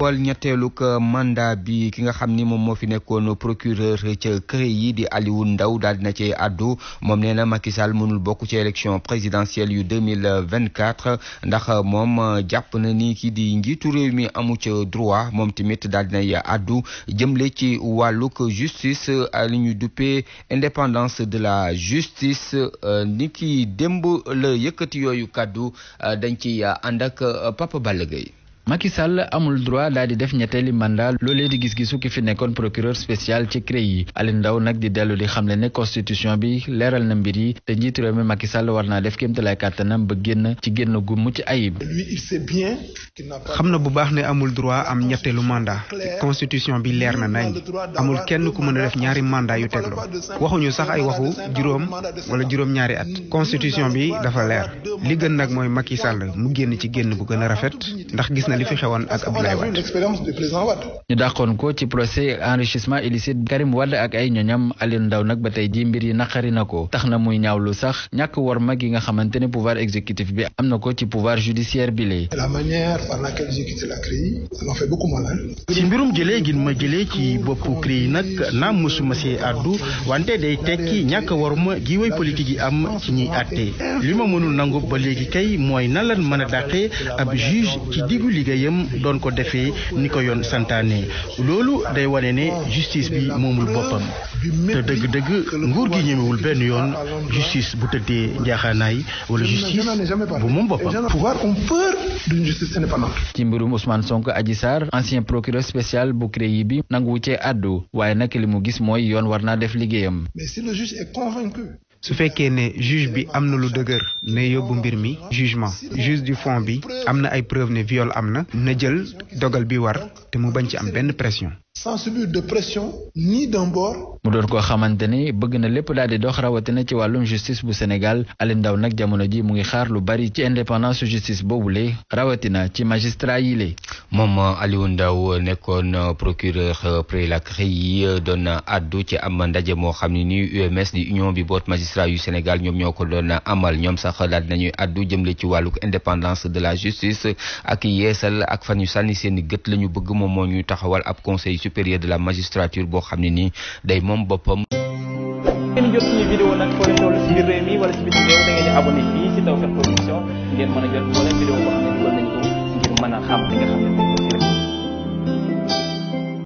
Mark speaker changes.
Speaker 1: bool ñetteelug euh, mandat bi ki nga xam ni moom moo fi nekkoon procureur ca kër yi di Alioune ndaw daal dina ci addu moom nee na Macky Sall mënul bokk ci élection présidentielle yu 2024 ndax euh, moom euh, jàpp na ni kii di njiitu réew mi amu ca droit moom tamit daal dinay addu jëmle ci wàllug justice li ñu duppee indépendance de la justice ni ki démb la yëkkati yooyu kàddu dañ ci ànd ak Papa Balla
Speaker 2: Macky Sall amul droit daal di def ñetteeli mandat loolee di gis gi ki fi nekkoon procureur spécial ci CREI yi Aliou ndaw nag di dellu di xamle ne constitution bi leeral na mbir yi te njiitu réew
Speaker 3: mi Macky Sall war naa def kéemtalaay kàttanam ba génn ci génn gu mucc ayib. xam na bu baax ne amul droit am ñetteelu mandat constitution bi leer na nañ amul kenn ku mën a def ñaari mandat yu tegloo waxuñu sax ay waxu juróom wala juróom-ñaari at constitution bi dafa leer li gën nag mooy Macky Sall mu génn ci génn gu gën a rafet na li fi xewoon ak Abdoulaye
Speaker 2: Wade.
Speaker 3: ñu ko ci procès enrichissement
Speaker 2: illicite Karim ak ay ñoñam Alioune Ndao nag ba tey jii mbir yi naqari na ko tax na muy ñaawlu sax ñàkk war ma gi nga xamante ne pouvoir exécutif bi am na ko ci pouvoir judiciaire bi lee.
Speaker 4: la manière par mbirum jëlee gi ma jëlee ci boppu yi nag naam mosuma see àddu wante day tekki ñàkk war ma gi way politique yi am ci ñuy àtte li ma mënul nangu ba léegi kay mooy nan lan mën a ab juge ci diggu liggéeyam doon ko defee ni ko yoon santaane loolu day wane ne justice bi moomul boppam te dëgg-dëgg nguur gi ñemewul benn yoon justice bu
Speaker 2: njaaxaanaay wala justice bu moom boppam. ci mbirum Ousmane Sonko Adji Sarr ancien procureur spécial bu CREI bi nangu cee àddu waaye
Speaker 3: nag li mu gis mooy yoon war naa def liggéeyam. su fekkee ne juge bi am na lu dëgër ne yóbbu mbir mi jugement juge du fond bi am na ay preuve ne viol am na na jël dogal bi war te mu bañ ci am benn pression
Speaker 2: sans subir ni d'un bord. mu doon koo xamante ni bëgg na lépp daal di dox rawatina ci wàllum justice bu Sénégal Aliou Ndao nag jamono ji mu ngi xaar lu bari ci indépendance justice boobule rawatina ci magistrat yi le
Speaker 1: moom Aliou Ndao nekkoon euh, procureur euh, près la yi euh, doon addu ci am ndaje moo xam ne ni UMS di union bi boot magistrat yu Sénégal ñoom ñoo ko doon amal ñoom sax daal dinañuy addu jëmle ci wàlluk indépendance de la justice ak yeesal ak fan yu sànni seen i gët la ñu bëgg moom moo ñuy taxawal ab conseil supérieur de la magistrature boo xam ne nii day moom boppam.